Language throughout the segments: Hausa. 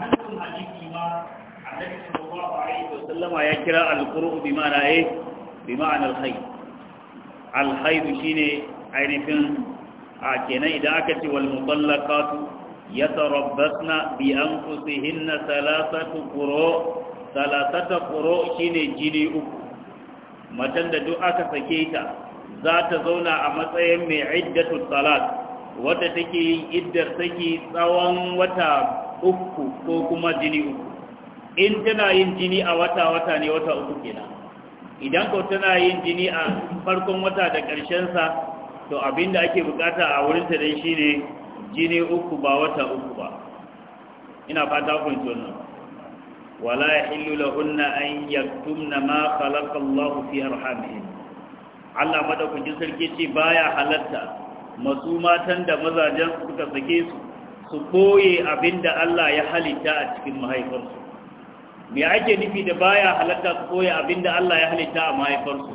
nan hadisi ma annabi sallallahu alaihi wa sallama ya kira al-qur'u bi ma'ana eh bi ma'ana al-khayr shi ne ainihin a kenan idan aka ce wal mutallaqatu yatarabbasna bi anfusihinna thalathatu quru thalathatu quru shine jini uku matan da duk aka sake ta za ta zauna a matsayin mai iddatu salat wadda take yin iddar saki tsawon wata uku ko kuma jini uku in tana yin jini a wata-wata ne wata uku kenan idan ko tana yin jini a farkon wata da ƙarshensa to abinda ake bukata a wurinta shi shine jini uku ba wata uku ba ina fata kun wannan wala yahillu lahunna an yaktumna ma khalaqa Allah fi arhamihim Allah madaukakin sarki ce baya halatta masu matan da mazajen suka sake su su ɓoye abin da Allah ya halitta a cikin mahaifarsu me ake nufi da baya halatta su ɓoye abin da Allah ya halitta a mahaifarsu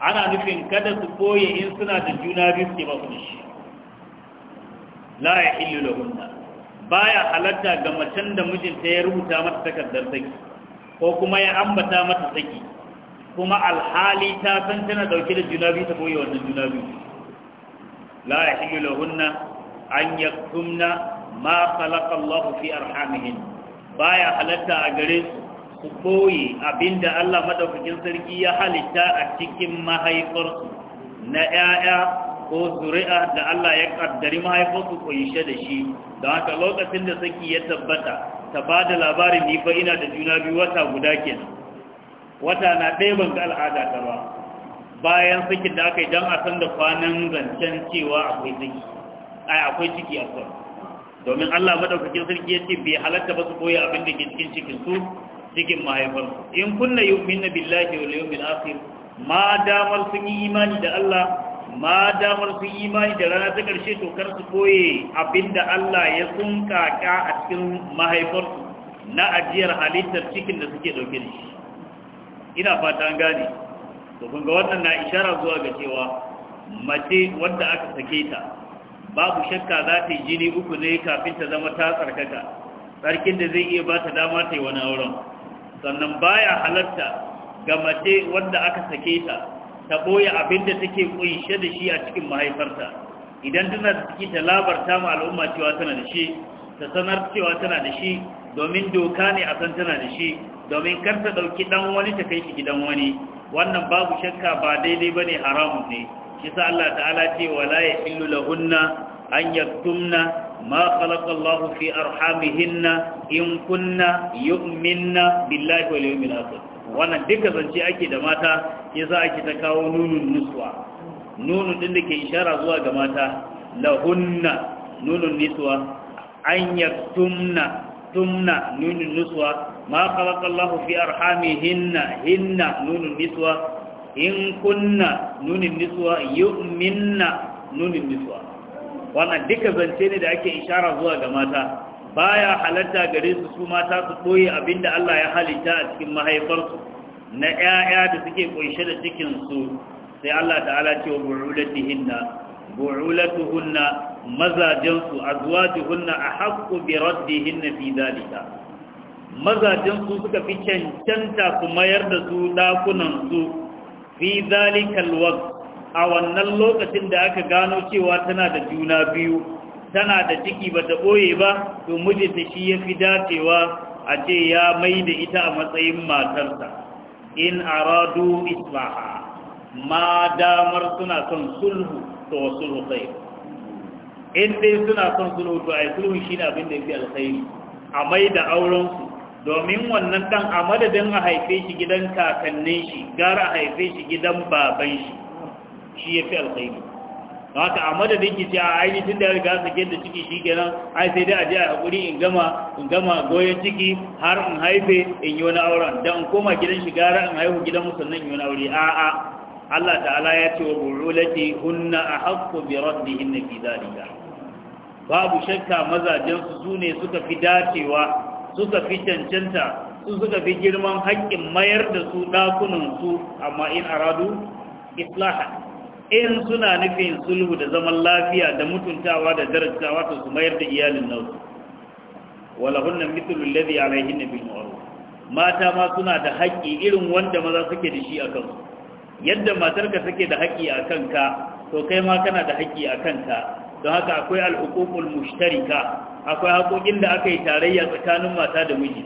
ana nufin kada su ɓoye in suna da juna biyu ke ba shi la ya illu lahunna baya halatta ga macen da mijinta ya rubuta mata takardar saki ko kuma ya ambata mata saki kuma alhali ta san tana dauke da juna biyu ta koyi wannan juna biyu la ya hillu lahunna an yaktumna ma khalaqa Allah fi arhamihin baya halatta a gare su su koyi abinda Allah madaukakin sarki ya halitta a cikin mahaifarsu na 'ya'ya ko zuri'a da Allah ya kaddari mahaifarsu yishe da shi don haka lokacin da saki ya tabbata ta ba da labarin ni fa ina da juna biyu wata guda kenan wata na ɗaya ban ga al'ada ta ba bayan sakin da aka yi don a san da kwanan zancen cewa akwai ciki ai akwai ciki akwai domin Allah madaukakin sarki yace bai halatta ba su koyi abin da ke cikin cikin su cikin mahaifar in kunna yu'minu billahi wal yawmil akhir ma damar sun yi imani da Allah ma damar sun yi imani da rana ta karshe to kar su abin abinda Allah ya ka a cikin mahaifar na ajiyar halittar cikin da suke dauke da shi ina fata an gane to kun ga wannan na ishara zuwa ga cewa mace wanda aka sake ta babu shakka za ta yi jini uku ne kafin ta zama ta tsarkaka tsarkin da zai iya ba ta dama ta yi wani auren sannan baya halatta ga mace wanda aka sake ta ta ɓoye abin da take ƙunshe da shi a cikin mahaifarta idan tana da ciki ta labarta ma al'umma cewa tana da shi ta sanar cewa tana da shi domin doka ne a san tana da shi domin kar ta ɗauki ɗan wani ta kai shi gidan wani wannan babu shakka ba daidai ba ne haramun ne shi sa Allah ta'ala ce wa wala yahillu hunna, an yaktumna ma khalaqa Allah fi arhamihinna in kunna yu'minna billahi wal yawmil akhir wannan duka zance ake da mata shi sa ake ta kawo nunun nuswa nunun din da ke ishara zuwa ga mata lahunna nunun niswa an yaktumna tumna nunun nuswa ma khalaqa Allah fi arhamihinna hinna nunun niswa in kunna nunin niswa yu'minna nunin niswa wannan duka zance ne da ake ishara zuwa ga mata baya halatta gare su su mata su koyi abinda Allah ya halitta a cikin mahaifarsu na ƴaƴa da suke kunshe da cikin su sai Allah ta'ala ce wa bu'ulatihinna bu'ulatuhunna mazajansu azwajuhunna ahqqu bi raddihinna fi dhalika mazajansu suka fi cancanta su mayar da su dakunan su fi zalikal a wannan lokacin da aka gano cewa tana da juna biyu tana da ciki bata boye ba to mijinta shi yafi dacewa a ce ya mai da ita a matsayin matarsa in aradu islaha ma damar suna son sulhu to sulhu khair in dai suna son sulhu to ai sulhu shine abin da yake alkhairi a mai da auren su domin wannan dan a madadin a haife shi gidan kakannin shi gara a haife shi gidan baban shi shi ya fi alkhairi don haka a madadin ki ce a ainihin da ya riga sake da ciki shi nan, ai sai dai a je a haƙuri in gama in gama goyon ciki har in haife in yi wani auren da in koma gidan shi gara in haihu gidan musulman yi wani aure a'a Allah ta'ala ya ce wa burulati hunna a haƙƙo bi raddihin na fi zalika babu shakka mazajen su ne suka fi dacewa suka fi cancanta su suka fi girman haƙƙin mayar da su ɗakunansu amma in aradu islaha in suna nufin sulhu da zaman lafiya da mutuntawa da darajawa ta su mayar da iyalin nasu wala hunna mithlu alladhi alayhin bin ma'ruf mata ma suna da haƙƙi irin wanda maza suke da shi a kansu yadda matarka take da haƙƙi a kanka to kai ma kana da haƙƙi a kanka don haka akwai mushtari mushtarika akwai haƙoƙin da aka yi tarayya tsakanin mata da miji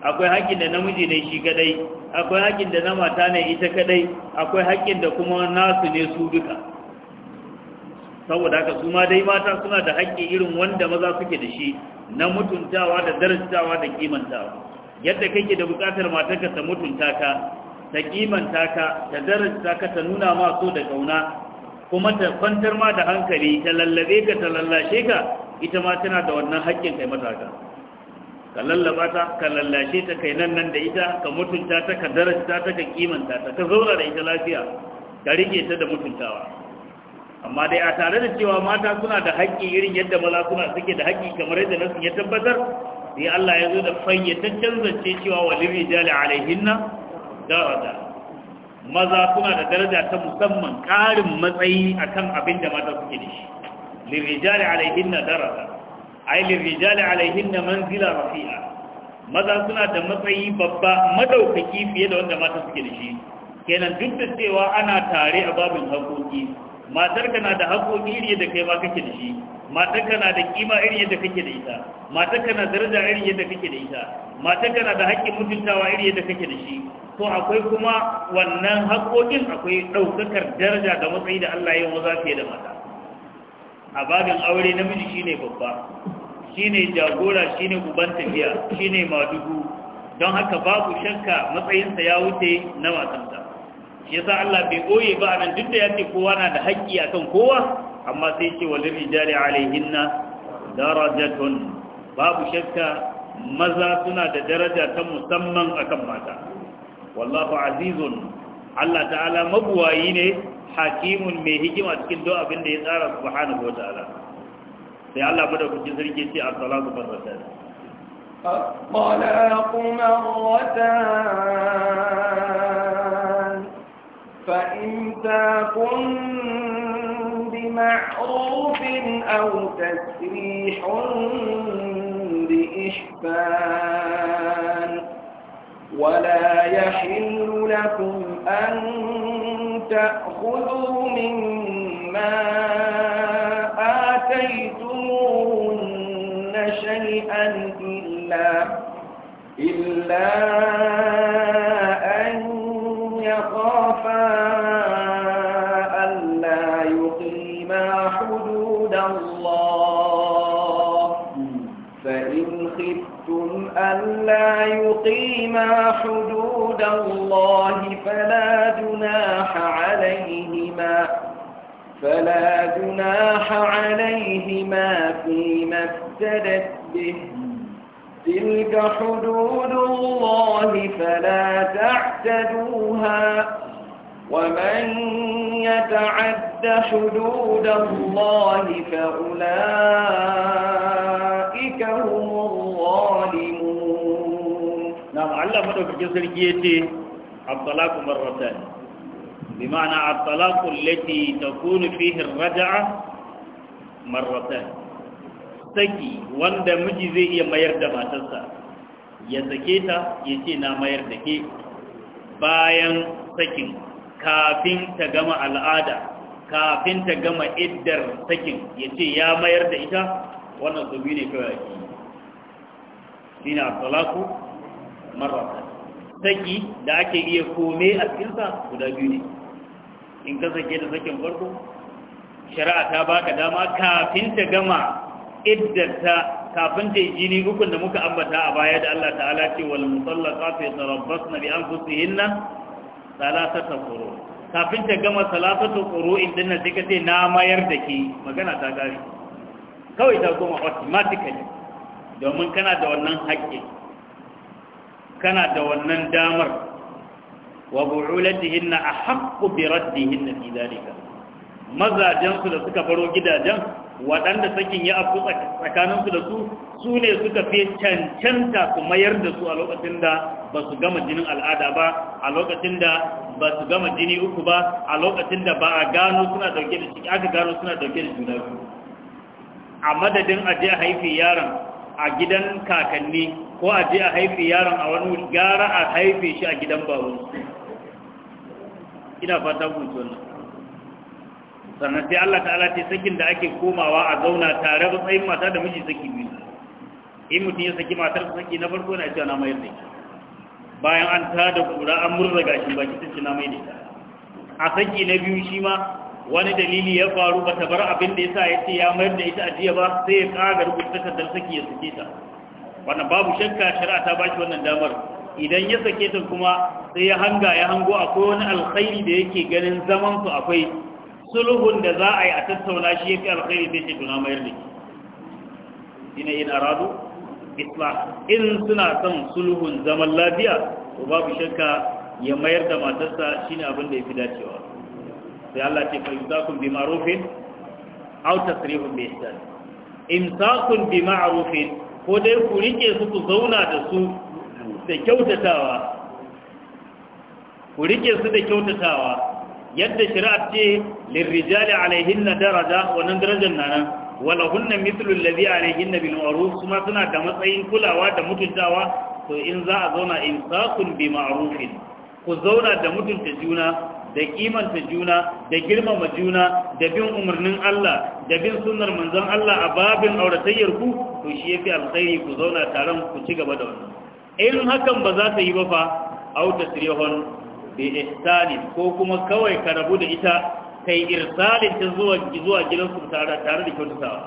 akwai haƙƙin da namiji ne shi kadai akwai haƙƙin da na mata ne ita kadai akwai haƙƙin da kuma nasu ne su duka saboda haka su ma dai mata suna da haƙƙi irin wanda maza suke da shi na mutuntawa da darajtawa da kimantawa yadda kake da buƙatar matarka ta mutunta ka ta kimanta ka ta darajta ka ta nuna ma so da kauna kuma ta kwantar ma da hankali ta lallabe ka ta lallashe ka ita ma tana da wannan haƙƙin kai mata ka lallaba ta ka lallashe ta kai nan nan da ita ka mutunta ta ka darasta ta ka kimanta ta ka zaura da ita lafiya ka rike ta da mutuntawa amma dai a tare da cewa mata suna da haƙƙi irin yadda maza suna suke da haƙƙi kamar yadda nasu ya tabbatar sai Allah ya zo da canza ce cewa walin rijali alaihinna daraja maza suna da daraja ta musamman ƙarin matsayi akan abin da mata suke da shi lirrijali na darasa ai lirrijali na manzila rafi'a maza suna da matsayi babba madaukaki fiye da wanda mata suke da shi kenan duk da cewa ana tare a babin haƙoƙi matar kana da haƙoƙi iri da kai ma kake da shi matar kana da kima iri da kake da ita matar kana daraja iri da kake da ita matar kana da haƙƙin mutuntawa iri da kake da shi to akwai kuma wannan haƙoƙin akwai ɗaukakar daraja da matsayi da Allah ya maza fiye da mata a babin aure namiji shine babba shine jagora shine kuban tafiya shine madugu don haka babu shakka matsayinsa ya wuce na matanta shi yasa Allah bai ɓoye ba a nan duk da ya ce kowa na da haƙƙi akan kowa amma sai ce walil rijali alaihinna darajatun babu shakka maza suna da daraja ta musamman akan mata والله عزيز الله تعالى مبوايين حكيم مهجم أتكين دو أبن دي تارا سبحانه وتعالى سي الله بدأ في جزر جيسي الصلاة والرسالة الطلاق مرتان فإن تكن بمعروف أو تسريح بإشفاق ولا يحل لكم أن تأخذوا مما آتيتموهن شيئا إلا, إلا ما حدود الله فلا جناح عليهما فلا جناح عليهما فيما افتدت به تلك حدود الله فلا تعتدوها ومن يتعد حدود الله فأولئك هم Allah madaukakin sarki yace at-talaqu marratan bi ma'ana at-talaqu allati takunu fihi ar-raj'a marratan saki wanda miji zai iya mayar da matarsa ya sake ta ya ce na mayar da ke bayan sakin kafin ta gama al'ada kafin ta gama iddar sakin ya ce ya mayar da ita wannan zubi ne kawai shi ne a marrata saki da ake iya kome a cikinsa guda biyu ne in ka sake da sakin farko shari'a ta baka dama kafin ta gama iddata kafin ta jini ukun da muka ambata a baya da Allah ta'ala ce wal musallaqa fi tarabbasna bi anfusihinna salasata quru kafin ta gama salasatu quru din nan sai ka ce na mayar da ki magana ta gari kawai ta goma automatically domin kana da wannan haƙƙi kana da wannan damar wa a haƙƙu bi na fi dhalika mazajen su da suka baro gidajen waɗanda sakin ya abu tsakanin su da su su ne suka fi cancanta su mayar da su a lokacin da ba su gama jinin al'ada ba a lokacin da ba su gama jini uku ba a lokacin da ba a gano suna dauke da ciki aka gano suna dauke da juna biyu a madadin aje haifi yaron a gidan kakanni ko a je a haife yaron a wani gara a haife shi a gidan babu ina fata kunci wannan sannan sai Allah ta'ala ce sakin da ake komawa a zauna tare da tsayin mata da miji saki biyu in mutum ya saki matar saki na farko na cewa na mayar da bayan an ta da kura an murza gashin baki sun ce na mai da ita a saki na biyu shi ma wani dalili ya faru ba ta bar abin da ya sa ya mayar da ita ajiya ba sai ya kaga rubuta takardar saki ya sake ta wannan babu shakka shari'a ta bashi wannan damar idan ya sake ta kuma sai ya hanga ya hango akwai wani alkhairi da yake ganin zaman su akwai sulhun da za a yi a tattauna shi yake alkhairi sai ce tuna mayar da ki ina in aradu isla in suna son sulhun zaman lafiya to babu shakka ya mayar da matarsa shine abin da yafi dacewa sai Allah ce fayuzakum bi ma'rufin aw tasrihum bi ihsan imsakun bi ma'rufin ko dai ku rike su ku zauna da su da kyautatawa ku rike su da kyautatawa yadda shari'a ce lirrijali alaihinna daraja wannan darajar nan wala hunna mithlu alladhi alayhinna bil ma'ruf kuma suna da matsayin kulawa da mutuntawa to in za a zauna insaqun bi ma'rufin ku zauna da mutunta juna da kimanta juna da girmama juna da bin umarnin Allah da bin sunnar manzon Allah a babin auratayyar ku to shi yafi alkhairi ku zauna taron ku ci gaba da wannan in hakan ba za ta yi ba fa au tasrihun bi ihsani ko kuma kawai ka rabu da ita kai irsalin ta zuwa zuwa gidan ku tare tare da kyautatawa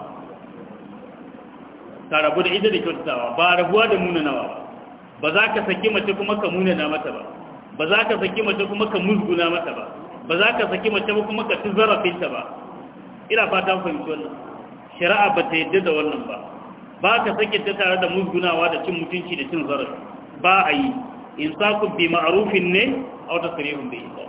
ka rabu da ita da kyautatawa ba rabuwa da munanawa ba ba za ka saki mace kuma ka munana mata ba ba za ka saki mace kuma ka musguna mata ba ba za ka saki mace kuma ka ci zarafinta ba ina fata fahimci wannan shari'a ba ta yadda da wannan ba ba ka saki ta tare da musgunawa da cin mutunci da cin zarafi ba a yi in sa ku bi ma'arufin ne a wata sarihun bai isa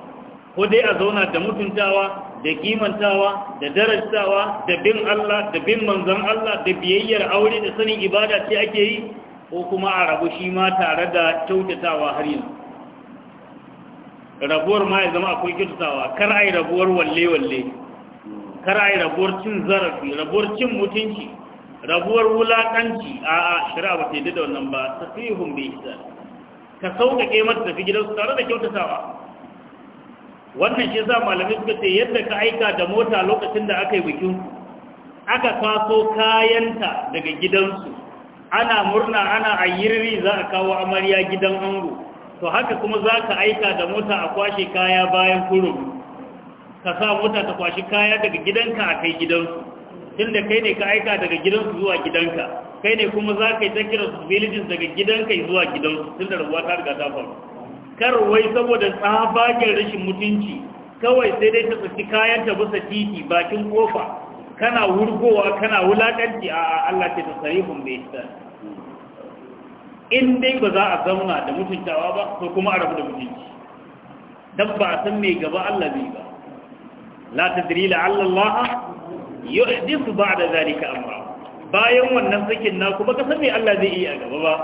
ko dai a zauna da mutuntawa da kimantawa da darastawa da bin Allah da bin manzon Allah da biyayyar aure da sanin ibada ce ake yi ko kuma a rabu shi ma tare da kyautatawa har yanzu rabuwar ma ya zama akwai kirtawa kar a yi rabuwar walle-walle kar a yi rabuwar cin zarafi rabuwar cin mutunci rabuwar wulaƙanci a a shari'a ba ta yi da wannan ba ta fi hun bai isa ka sauƙaƙe mata tafi gidansu tare da kyautatawa wannan shi sa malamai suka ce yadda ka aika da mota lokacin da aka yi bikin aka kwaso kayanta daga gidansu ana murna ana ayyirri za a kawo amarya gidan ango to haka kuma za ka aika da mota a kwashe kaya bayan kurum ka sa mota ta kwashe kaya daga gidanka a kai gidansu tun da kai ne ka aika daga gidansu zuwa gidanka kai ne kuma za ka yi ta kira su villages daga gidanka zuwa gidansu tun da rabuwa ta riga ta faru kar wai saboda tsabagen rashin mutunci kawai sai dai ta tsaki kayan ta bisa titi bakin kofa kana wurgowa kana wulakanci a Allah ta tasarihun bai in dai ba za a zauna da mutuntawa ba ko kuma a rabu da mutunci dan ba san mai gaba Allah bai ba la tadri la Allah yuhdithu ba'da zalika amra bayan wannan sakin na kuma ka san me Allah zai yi a gaba ba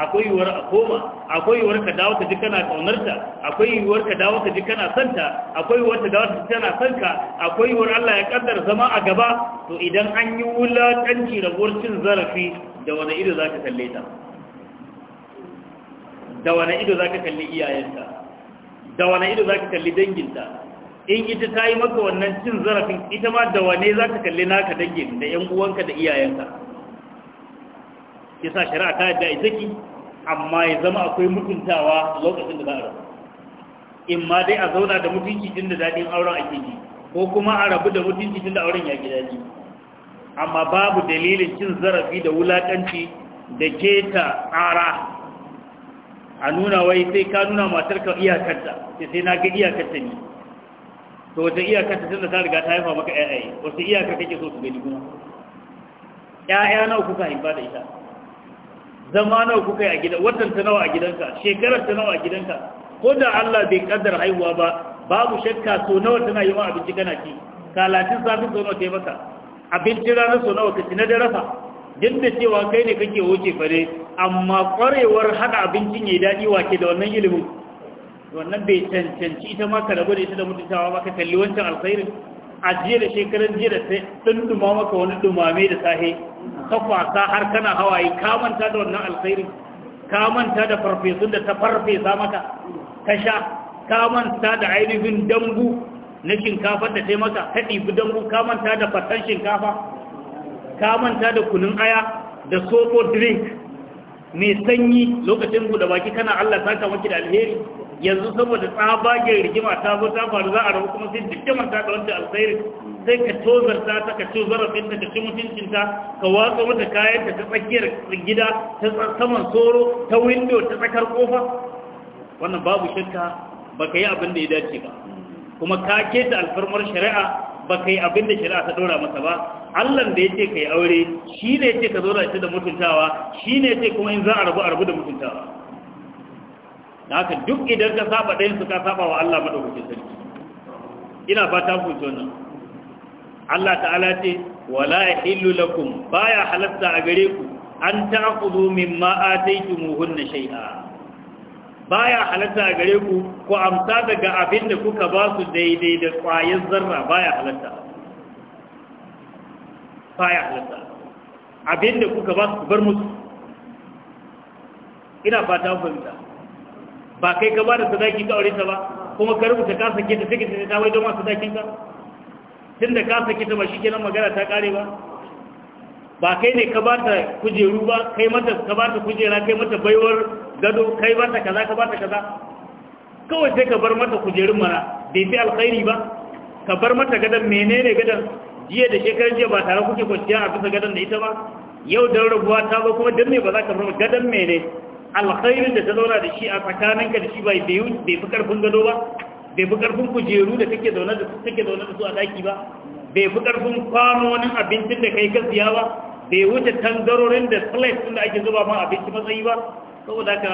akwai yiwuwar a koma akwai yiwuwar ka dawo ta ji kana kaunarta akwai yiwuwar ka dawo ta ji kana santa akwai yiwuwar ta dawo ta ji kana sanka akwai yiwuwar Allah ya kaddara zama a gaba to idan an yi wulaƙanci rabuwar cin zarafi da wani ido za ka kalle ta da wane ido za ka kalli iyayenta da wane ido za ka kalli danginta in ita ta yi maka wannan cin zarafin ita ma da wane za ka kalli naka dangin da yan uwanka da iyayenka kisa shari'a ta yadda ita ki amma ya zama akwai mutuntawa lokacin da za a rabu in ma dai a zauna da mutunci tun da daɗin auren ake ji ko kuma a rabu da mutunci tun da auren ya gida ji amma babu dalilin cin zarafi da wulaƙanci da keta tsara a nuna wai sai ka nuna matar ka iyakarta sai sai na ga iyakarta ne to wata iyakarta tun da ta riga ta haifa maka ƴaƴaye wasu iyakar kake so su gani kuma ƴaƴa nawa kuka haifa da ita zama nawa kuka yi a gidan watan ta nawa a gidanka shekarar ta nawa a gidanka ko da Allah bai kaddara haihuwa ba babu shakka so nawa tana yi ma abinci kana ci kalatin safi so nawa ta yi maka abincin ranar so nawa ka ci na da duk da cewa kai ne kake wuce fare amma kwarewar haɗa abincin ya daɗi wake da wannan ilimin wannan bai cancanci ita ma ka rabu da ita da mutuntawa ba ka kalli wancan alkhairin a da shekaran jiya da sai ɗin duma maka wani dumame da sahe ka kwasa har kana hawaye ka manta da wannan alkhairin ka manta da farfesun da ta farfesa maka ka sha ka manta da ainihin dambu na shinkafa da taimaka ka ɗibi dambu ka manta da fatan shinkafa ka manta da kunun aya da soko drink mai sanyi lokacin buɗe baki kana Allah kama maki da alheri yanzu saboda tsabagen rigima ta zo ta faru za a rabu kuma sai duk manta da wanda alkhairi sai ka tozar ta ka ci ta ka ci mutuncinta ka watsa mata kayan ta ta tsakiyar gida ta saman soro ta windo ta tsakar kofa wannan babu shakka baka yi abin da ya dace ba kuma ka keta alfarmar shari'a ba yi abin da shari'a ta dora masa ba Allah da ya ce ka yi aure shi ne ce ka zora da shi da mutuntawa shi ne ce kuma in za a rabu a rabu da mutuntawa da haka duk idan ka saba ɗayan su ka saba wa Allah maɗaukacin sarki ina fata ku nan. Allah ta'ala ce wala ya yahillu lakum baya halatta a gare ku an ta'khudhu mimma ataytumuhunna shay'an baya halatta gare ku ku amsa daga abin da kuka ba su daidai da kwayar zarra baya halatta baya halatta abin da kuka ba su bar musu ina fata fahimta ba kai ka ba da sadaki ka aure ta ba kuma ka rubuta ka sake ta take ta wai don wasu sadakin ka da ka sake ta ba shi kenan magana ta kare ba ba kai ne ka ba ta kujeru ba kai mata ka ba ta kujera kai mata baiwar gado kai ba ta kaza ka ba ta kaza kawai sai ka bar mata kujerun mana bai fi alkhairi ba ka bar mata gadon menene gadon jiya da shekarar jiya ba tare kuke kwanciya a bisa gadon da ita ba yau da rabuwa ta ba kuma dan me ba za ka bar gadon mene alkhairin da ta zauna da shi a tsakaninka da shi bai bai fi karfin gado ba bai fi karfin kujeru da take zaune da take zaune da su a daki ba bai fi karfin kwanonin abincin da kai ka siya ba bai wuce tangarorin da plate din da ake zuba ma abinci matsayi ba saboda haka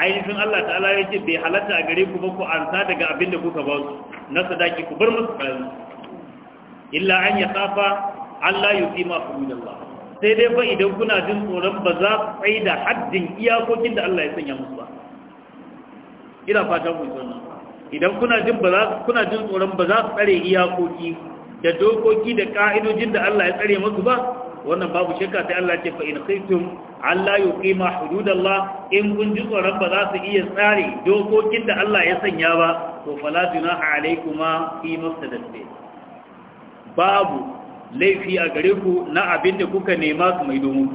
ainihin Allah ta'ala ya ce bai halatta a gare ku ba ku ansa daga abin da kuka ba su na sadaki ku bar musu bayan illa an ya safa Allah ya fi ma da Allah sai dai fa idan kuna jin tsoron ba za ku tsaye da haddin iyakokin da Allah ya sanya musu ba ina fata ku sannan idan kuna jin ba za kuna jin tsoron ba za ku tsare iyakoki da dokoki da ka'idojin da Allah ya tsare musu ba wannan babu shakka sai Allah ce fa in khaytum alla yuqima hududallah in kun ji tsoron ba za su iya tsare dokokin da Allah ya sanya ba to fala junaha alaykuma fi mafsadati babu laifi a gare ku na abin da kuka nema su mai domin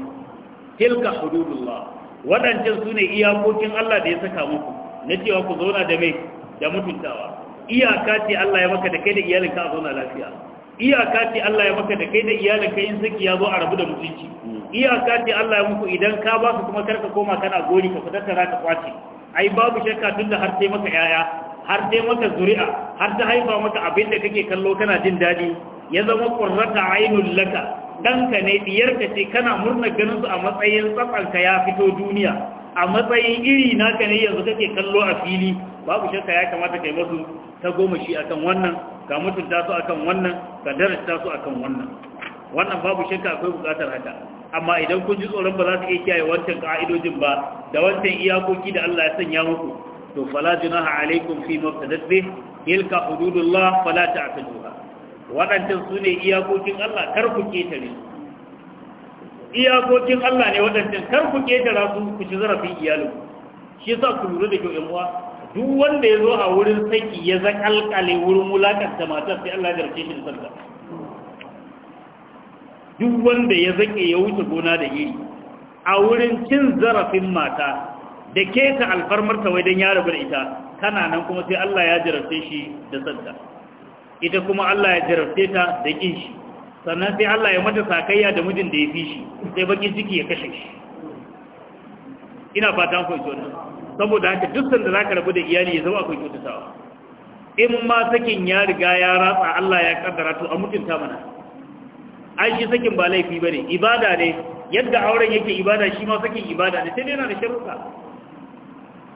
tilka hududullah waɗancan su ne iyakokin Allah da ya saka muku na cewa ku zauna da mai da mutuntawa iyaka ce Allah ya maka da kai da iyalinka a zauna lafiya iyaka ce Allah ya maka da kai da iyalanka in saki ya zo a rabu da mutunci iyaka ce Allah ya muku idan ka ba su kuma karka koma kana gori ka fitattara ka kwace ai babu shakka da har sai maka yaya har sai maka zuri'a har ta haifa maka abin da kake kallo kana jin daɗi. ya zama kurrata ainul laka danka ne diyarka ce kana murna ganin su a matsayin tsakanka ya fito duniya a matsayin iri naka ne yanzu kake kallo a fili babu shakka ya kamata kai musu ta goma shi akan wannan ka mutunta su akan wannan ka darasta su akan wannan wannan babu shakka akwai bukatar haka amma idan kun ji tsoron ba za su iya kiyaye wancan ka'idojin ba da wancan iyakoki da Allah ya sanya muku to fala junaha alaikum fi ma tadabbi ilka hududullah fala ta'tuduha waɗancan su ne iyakokin Allah kar ku ketare iyakokin Allah ne wadannan kar ku ketara su ku ci zarafin iyalinku shi yasa ku lura da kyau yan uwa duk wanda ya zo a wurin saki ya zakalkale wurin da matar sai Allah garce shi da sarka duk wanda ya zake ya wuce gona da iri a wurin cin zarafin mata da keta alfarmar wai don ya rabu da ita kana nan kuma sai Allah ya jarabce shi da sarka ita kuma Allah ya jarabce ta da kin shi sannan sai Allah ya mata sakayya da mijin da ya fi shi sai baki ciki ya kashe shi ina fatan wannan saboda haka duk sanda zaka rabu da iyali ya zama akwai kyautatawa in ma sakin ya riga ya ratsa Allah ya kaddara to a mutunta mana ai shi sakin ba laifi bane ibada ne yadda auren yake ibada shi ma sakin ibada ne sai dai yana da sharuɗa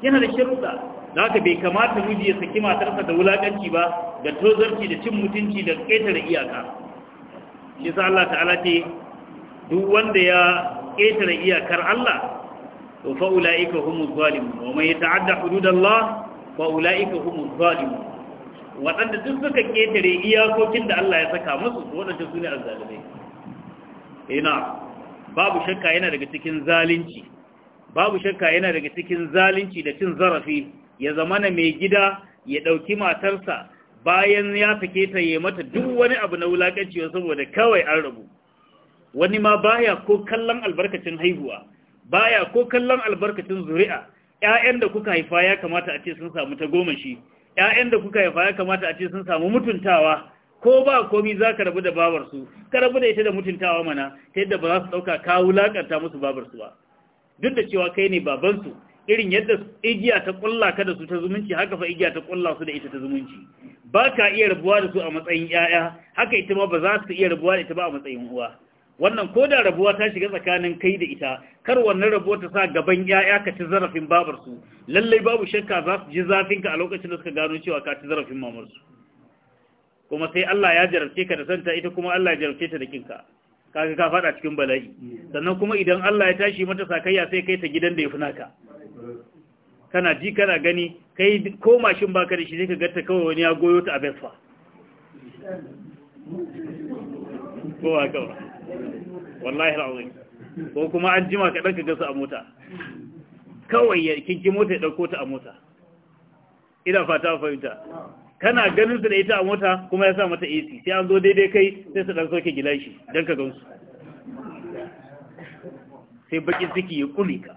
yana da sharuɗa da haka bai kamata miji ya saki matarsa da wulakanci ba da tozarci da cin mutunci da ƙetare iyaka shi sa Allah ta'ala ce duk wanda ya ƙetare iyakar Allah to fa ulaika humuz zalimun wa man yata'adda hududallah fa ulaika humuz zalimun waɗanda duk suka ketare iyakokin da Allah ya saka musu waɗanda su ne azzalimai ina eh, babu shakka yana daga cikin zalunci babu shakka yana daga cikin zalunci da cin zarafi ya zamana mai gida ya ɗauki matarsa bayan ya sake ta yi mata duk wani abu na wulakanci saboda kawai an rabu wani ma baya ko kallon albarkacin haihuwa baya ko kallon albarkacin zuri'a ƴaƴan da kuka haifa ya kamata a ce sun samu ta goma shi ƴaƴan da kuka haifa ya kamata a ce sun samu mutuntawa ko ba komi za ka rabu da babarsu ka rabu da ita da mutuntawa mana ta yadda ba za su ɗauka ka wulaƙanta musu babarsu ba duk da cewa kai ne babansu irin yadda igiya ta ƙulla ka da su ta zumunci haka fa igiya ta ƙulla su da ita ta zumunci ba ka iya rabuwa da su a matsayin 'ya'ya haka ita ma ba za su iya rabuwa da ita ba a matsayin uwa wannan ko da rabuwa ta shiga tsakanin kai da ita kar wannan rabuwa ta sa gaban yaya ka ci zarafin babarsu lallai babu shakka za su ji ka a lokacin da suka gano cewa ka ci zarafin mamarsu kuma sai Allah ya jarabce ka da santa ita kuma Allah ya jarabce ta da kinka kaga ka fada cikin bala'i sannan kuma idan Allah ya tashi mata sakayya sai kai ta gidan da ya funaka kana ji kana gani kai ko mashin baka da shi sai ka ga ta kawai wani ya goyo ta a besfa ko wallahi al'azim ko kuma an jima ka ɗanka gasa a mota kawai ya kinki mota ya ɗauko ta a mota ina fata fahimta kana ganin su da ita a mota kuma ya sa mata AC sai an zo daidai kai sai su ɗan soke gilashi don ka gansu sai bakin ciki ya kuli ka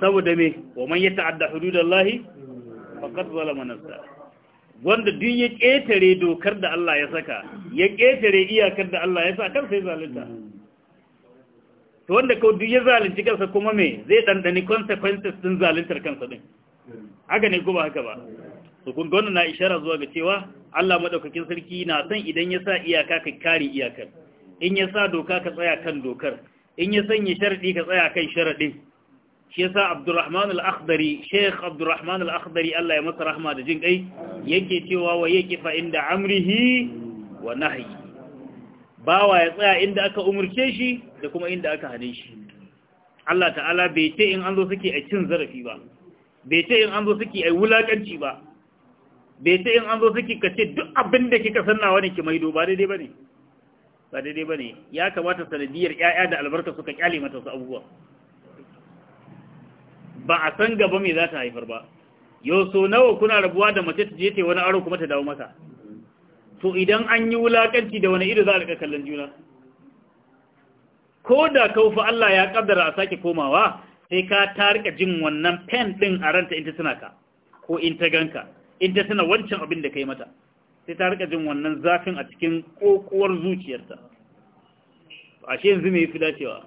saboda me wa man ya ta'adda hududallahi faqad zalama nafsa wanda duk ya ƙetare dokar da Allah ya saka ya ƙetare iyakar da Allah ya saka, kar sai zalunta to wanda ka duk ya zalunci kansa kuma me zai dandani consequences din zaluntar kansa din haka ne kuma haka ba to kun ga na ishara zuwa ga cewa Allah madaukakin sarki na san idan ya sa iyaka ka kare iyakar in ya sa doka ka tsaya kan dokar in ya sanya sharadi ka tsaya kan sharadin shi yasa Abdurrahman al-Akhdari Sheikh Abdurrahman al-Akhdari Allah ya masa rahma da jin kai yake cewa wa yake fa inda amrihi wa nahyi bawa ya tsaya inda aka umurce shi da kuma inda aka hane shi Allah ta'ala bai ce in an zo suke a cin zarafi ba bai ce in an zo suke a wulakanci ba bai ce in an zo suke ka duk abin da kika sanna wani ki maido ba daidai bane ba daidai bane ya kamata sanadiyar ƴaƴa da albarka suka kyale mata su abubuwa ba a san gaba me za ta haifar ba yau so nawa kuna rabuwa da mace ta je ta wani aro kuma ta dawo mata to idan an yi wulakanci da wani ido za a rika kallon juna ko da kaufa Allah ya kaddara a sake komawa sai ka tarika jin wannan pen din a ranta in ta tuna ka ko in ta ganka in ta tuna wancan abin da kai mata sai ta rika jin wannan zafin a cikin ƙoƙuwar zuciyarta ashe yanzu me yafi dacewa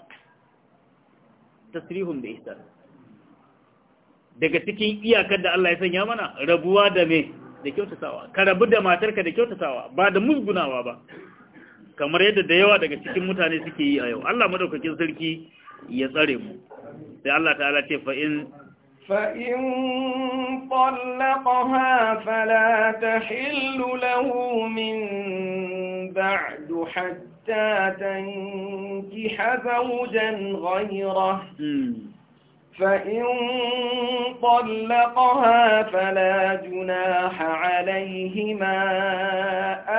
tasrihun da ihsan daga cikin iyakar da Allah ya sanya mana rabuwa da me da kyautatawa ka rabu da matarka da kyautatawa ba da musgunawa ba kamar yadda da yawa daga cikin mutane suke yi a yau Allah madaukakin sarki ya tsare mu sai Allah ta'ala ce fa in fa in talaqaha fala tahillu lahu min ba'du hatta tankiha zawjan فإن طلقها فلا جناح عليهما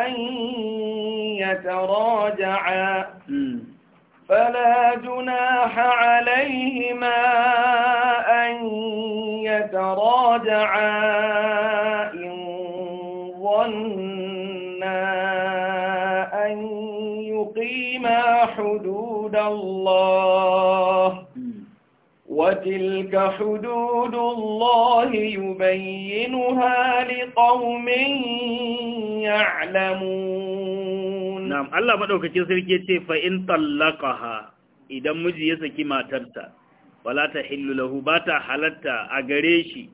أن يتراجعا فلا جناح عليهما أن يتراجعا إن ظنا أن يقيما حدود الله وتلك حدود الله يبينها لقوم يعلمون نعم الله مدوكاkin sarki yace fa in tallaqaha idan miji ya saki matarsa wala tahillu lahu bata halatta a gare shi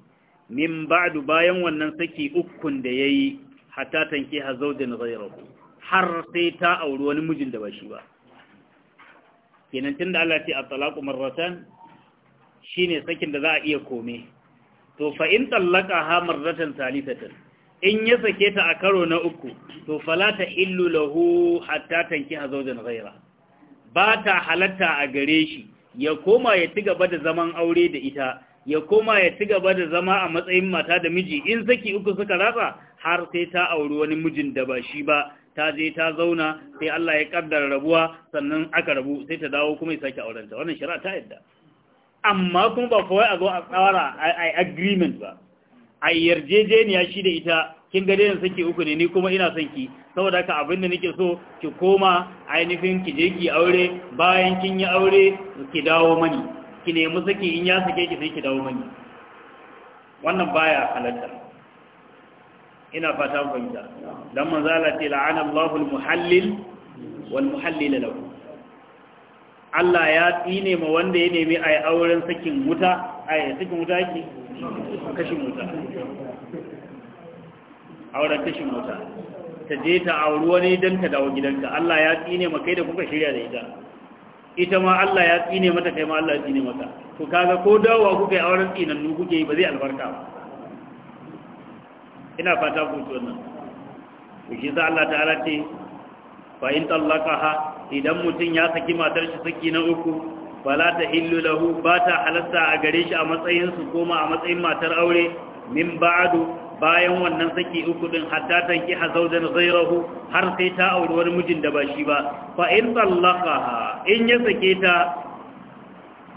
min ba'du bayan wannan saki ukun da yayi hatta tanki hazawjin ghayrahu har sai ta auri wani mijin da ba shi ba kenan tunda Allah ya ce at-talaqu marratan shine sakin da za a iya kome to fa in tallaka ha marratan salisatan in ya sake ta a karo na uku to fala ta illu lahu hatta tankiha zawjan zaira. ba ta halatta a gare shi ya koma ya ci gaba da zaman aure da ita ya koma ya ci gaba da zama a matsayin mata da miji in saki uku suka ratsa har sai ta auri wani mijin da ba shi ba ta je ta zauna sai Allah ya kaddara rabuwa sannan aka rabu sai ta dawo kuma ya sake aurenta wannan shari'a ta yadda amma kuma ba kawai a zo a tsara a agreement ba a yarjejeniya shi da ita kin gade dai sake uku ne ni kuma ina son ki saboda ka abin da nake so ki koma ainihin ki je ki aure bayan kin yi aure ki dawo mani ki nemi sake in ya sake ki sai ki dawo mani wannan baya halatta ina fata fahimta dan manzala ce la'ana Allahul muhallil wal muhallil lahu Allah ya tsine ma wanda ya nemi a yi auren sakin wuta a yi sakin wuta yake kashin wuta auren kashin wuta ta je ta auru wani don ta dawo gidanka Allah ya tsine ma kai da kuka shirya da ita ita ma Allah ya tsine mata kai ma Allah ya tsine mata to kaga ko dawowa kuka yi auren tsinannu kuke yi ba zai albarka ba ina fata ku ci wannan to shi sa Allah ta'ala ce fa in tallaqaha idan mutum ya saki matar shi saki na uku fala ta illu lahu ba ta halatta a gare shi a matsayin su koma a matsayin matar aure min ba'du bayan wannan saki uku din hatta tanki hazaujan ghayrahu har sai ta auri wani mijin da ba shi ba fa in tallaqaha in ya sake ta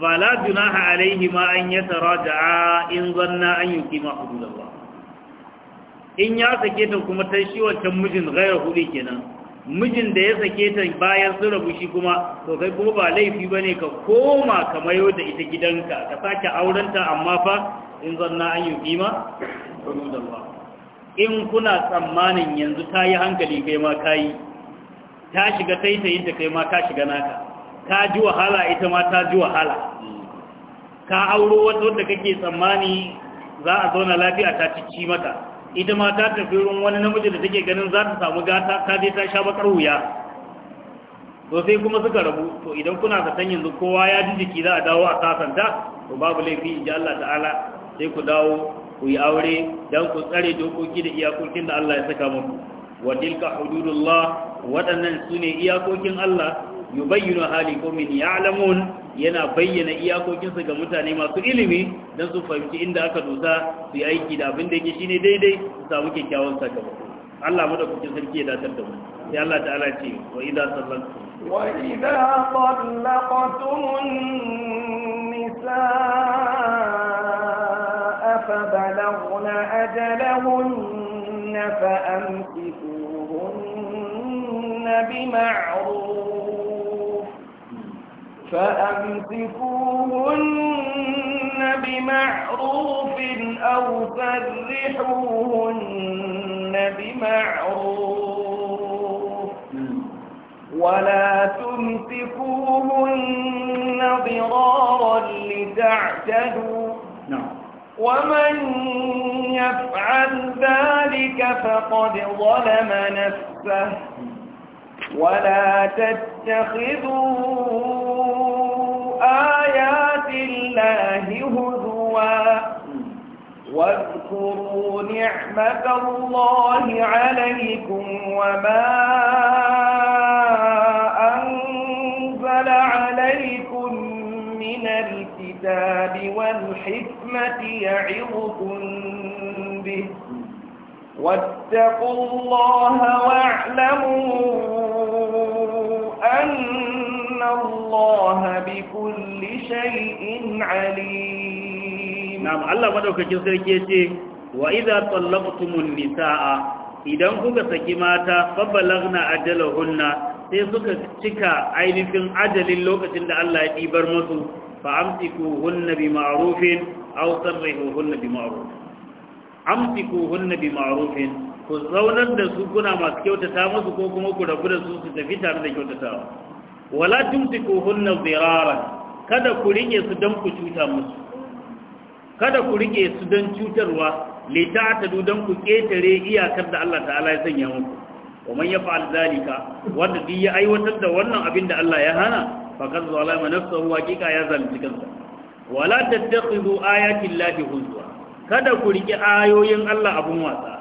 alaihi ma an جناح عليهما أن يتراجعا إن ظنا أن يقيما حدود الله إن يا سكيتكم wancan mijin غير حدود kenan. mijin da ya sake ta bayan sun rabu shi kuma to kai kuma ba laifi ba ne ka koma ka mayo da ita gidanka ka sake aurenta amma fa in zanna an yi kima in kuna tsammanin yanzu ta yi hankali kai ma ka yi ta shiga taitayinta kai ma ka shiga naka ka ji wahala ita ma ta ji wahala ka auro wata wadda kake tsammani za a zauna lafiya ta cici mata ita ma ta tafi ruwan wani namiji da take ganin za ta samu gata ta je ta sha bakar wuya to sai kuma suka rabu to idan kuna zaton yanzu kowa ya ji jiki za a dawo a sasanta to babu laifi in ji Allah ta'ala sai ku dawo ku yi aure don ku tsare dokoki da iyakokin da Allah ya saka muku wa tilka hududullah waɗannan su ne iyakokin Allah yubayyinu hali qaumin ya'lamun yana bayyana iyakokinsa ga mutane masu ilimi dan su fahimci inda aka dosa su yi aiki da abin da yake shine daidai su samu kyakkyawan sakamako Allah mu da kuke sarki ya datar da mu sai Allah ta'ala ce wa idza sallantu wa idza tallaqtumun nisaa fa balaghna ajalahunna fa amsikuhunna bima'ruf فأمسكوهن بمعروف أو فرحوهن بمعروف ولا تمسكوهن ضرارا لتعتدوا نعم. ومن يفعل ذلك فقد ظلم نفسه ولا تتخذوا آيات الله هزوا واذكروا نعمة الله عليكم وما أنزل عليكم من الكتاب والحكمة يعظكم به واتقوا الله واعلموا أن الله بكل شيء عليم نعم الله مدوكاكين سركي يتي وإذا طلقتم النساء إذا كنت سكيماتا فبلغنا أجلهن sai suka cika ainihin ajalin lokacin da Allah ya ɗibar musu fa fa'amtiku hunna bi ma'arufin aw sarrihu hunna bi ma'ruf amtiku hunna bi ma'rufin ku zaunar da su kuna masu kyautata musu ko kuma ku rabu da su su tafi tare da kyautatawa wala tumtiku hunna ziraran kada ku riƙe su don ku cuta musu kada ku rike su don cutarwa li du don ku ketare iyakar da Allah ta'ala ya sanya muku Kuma man fa'al zalika wanda duk ya aiwatar da wannan abin da Allah ya hana kan zalama nafsahu haqiqa ya zalunci kansa wala tattakhidhu ayati llahi huzwa kada ku rike ayoyin Allah abun wasa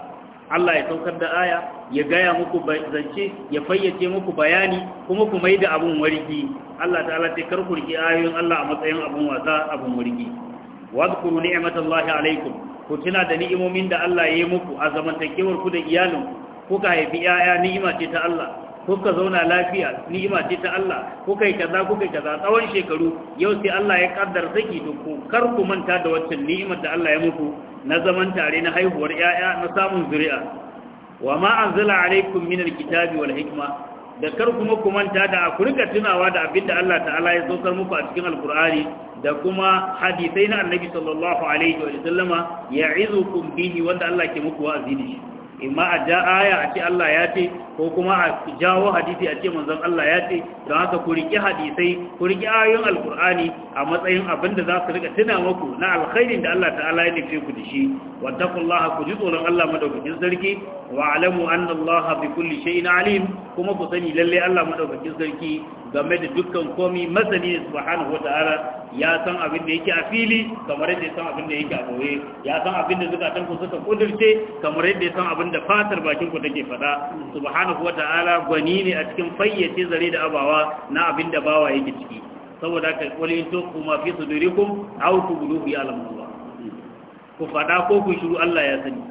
Allah ya saukar da aya ya gaya muku zance ya fayyace muku bayani kuma ku mai da abun wargi Allah ta'ala sai kar ku ayoyin Allah a matsayin abun wasa abun wargi wadhkuru ni'matallahi alaikum ku tuna da ni'imomin da Allah ya yi muku a zamantakewar ku da iyalin kuka haifi yaya ni'ima ce ta Allah kuka zauna lafiya ni'ima ce ta Allah kuka yi kaza kuka yi kaza tsawon shekaru yau sai Allah ya kaddar saki to ku kar ku manta da waccan ni'imar da Allah ya muku na zaman tare na haihuwar yaya na samun zuri'a wa ma anzala alaikum min alkitabi wal hikma da kar kuma ku manta da ku rika tunawa da abin da Allah ta'ala ya saukar muku a cikin alkur'ani da kuma hadisai na annabi sallallahu alaihi wa sallama ya'izukum bihi wanda Allah ke muku wa'azi da shi imma a ja aya a ce Allah ya ce ko kuma a jawo hadisi a ce manzon Allah ya ce don haka ku riƙi hadisai ku riƙi ayoyin alkur'ani a matsayin abin da za su riƙa tuna muku na alkhairin da Allah ta'ala ya nufi ku da shi wattaqullaha ku ji tsoron Allah madaukakin sarki wa alamu anna Allah bi kulli shay'in alim kuma ku sani lalle Allah madaukakin sarki game da dukkan komi masani ne subhanahu wataala ya san abin da yake a fili kamar yadda ya san abin da yake a boye ya san abin da zukatan ku suka kudurce kamar yadda ya san abin da fatar bakin ku take fada subhanahu wataala gwani ne a cikin fayyace zare da abawa na abin da bawa yake ciki saboda ka kulli to kuma fi sudurikum aw tubduhu ya Allah ku fada ko ku shiru Allah ya sani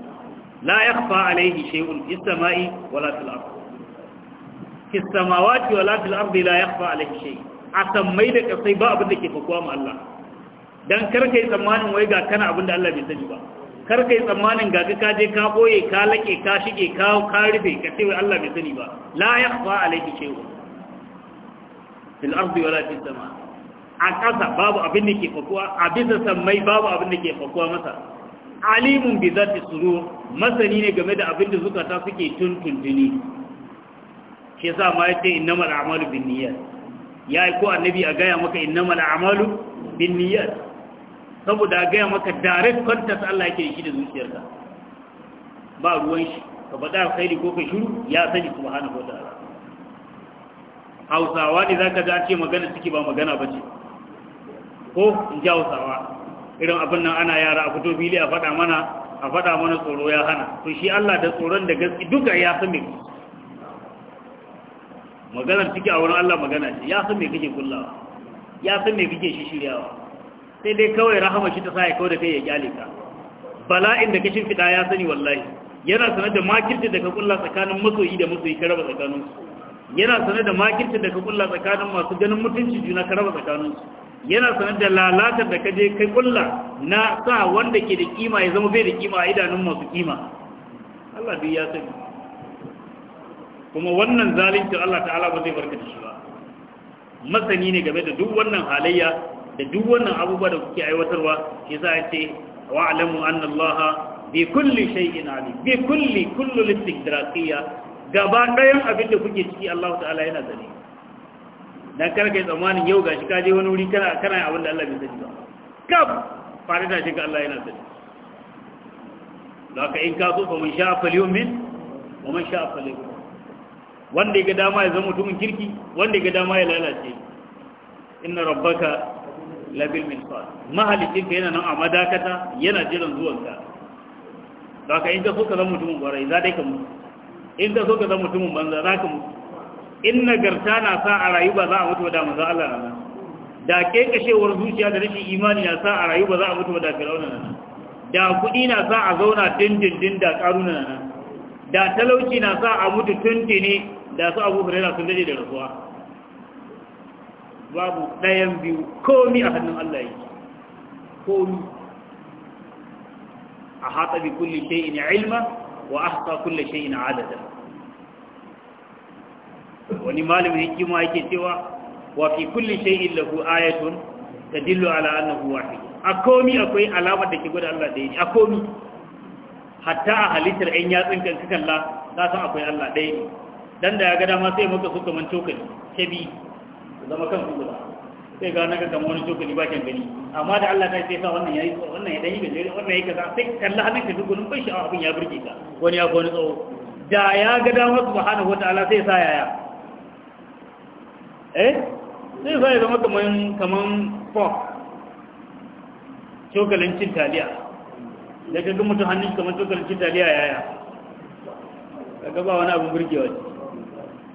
la yakhfa alaihi shay'un fis sama'i wala fil ardh fi samawati wala fil ardi la yakhfa alayhi shay a sammai da kasai ba abin da ke fakuwa ma Allah dan kar yi tsammanin wai ga kana abin da Allah bai sani ba kar yi tsammanin ga ka je ka boye ka lake ka shige ka ka rufe ka ce wai Allah bai sani ba la yakhfa alayhi shay fil ardi wala fis sama a ƙasa babu abin da ke fakuwa a bisa sammai babu abin da ke fakuwa masa alimun bi zati surur masani ne game da abin da zukata suke tuntuntuni shi sa ma inna mal a'malu niyyat ya aiko annabi a gaya maka Inna mal a'malu niyyat saboda a gaya maka direct contact Allah yake shi da zuciyarka ba ruwan shi ka faɗa alkhairi ko ka shiru ya sani subhanahu wataala hausawa ne zaka ga an ce magana ciki ba magana bace ko in ji hausawa irin abin nan ana yara a fito fili a faɗa mana a faɗa mana tsoro ya hana to shi Allah da tsoron da gaske duka ya san me maganar ciki a wurin Allah magana ce ya san me kake kullawa ya san me kake shishiryawa sai dai kawai rahama shi ta sa ya kawo da kai ya kyale ka bala'in da kashin fida ya sani wallahi yana sanar da makirci da ka kulla tsakanin masoyi da masoyi ka raba tsakanin su yana sanar da makirci da ka kulla tsakanin masu ganin mutunci juna ka raba tsakanin su yana sanar da lalatar da ka je kai kulla na sa wanda ke da kima ya zama bai da kima a idanun masu kima Allah duk ya sani kuma wannan zalunci Allah ta'ala ba zai barka da shi ba masani ne game da duk wannan halayya da duk wannan abubuwa da kuke aiwatarwa shi za a ce wa alamu anna Allah bi kulli shay'in alim bi kulli kullu listidraqiya gaba ɗayan abin da kuke ciki Allah ta'ala yana zane dan kar kai tsammanin yau gashi ka je wani wuri kana kana abin da Allah bai sani ba kab fare da shi ga Allah yana sani laka in ka so fa mun sha falyumin wa man sha falyumin wanda ga dama ya zama mutumin kirki wanda ga dama ya lalace inna rabbaka labil fa. mahalicin ka yana nan a madakata yana jiran zuwanka da ka in ka so ka zama mutumin gwarai za dai ka mutu in ka so ka zama mutumin banza za ka mutu Inna garta na sa a rayu ba za a mutu ba da manzo Allah na da ke kashewar zuciya da rashin imani na sa a rayu ba za a mutu ba da fir'auna na da kuɗi na sa a zauna dindindin da ƙaruna na da talauci na sa a mutu ne da su abu hurera sun daji da rasuwa babu ɗayan biyu komi a hannun Allah yi komi a hata bi shi ina ilma wa a kulle shi ina adada wani malamin hikima yake cewa wa fi shi shay'in lahu ayatun tadillu dillo annahu wahid a komi akwai alamar da ke gwada Allah da yi a komi hatta a halittar ɗan yatsun kan kakan la za su akwai Allah ɗaya ne dan da ya ga dama sai maka su kaman cokali shabi zama kan su guda sai ga naka kamar wani cokali ba kyan gani amma da Allah ta sai sa wannan yayi wannan ya dani gajere wannan yayi kaza sai kalla hannun ka dugun ban sha'awa abin ya burge ka wani ya wani tsawo da ya ga dama subhanahu wataala sai sa yaya eh sai sa ya zama kaman kaman fork cokalin cin taliya da ka mutum hannun kamar tsokar ci taliya yaya ka gaba wani abin burgewa ce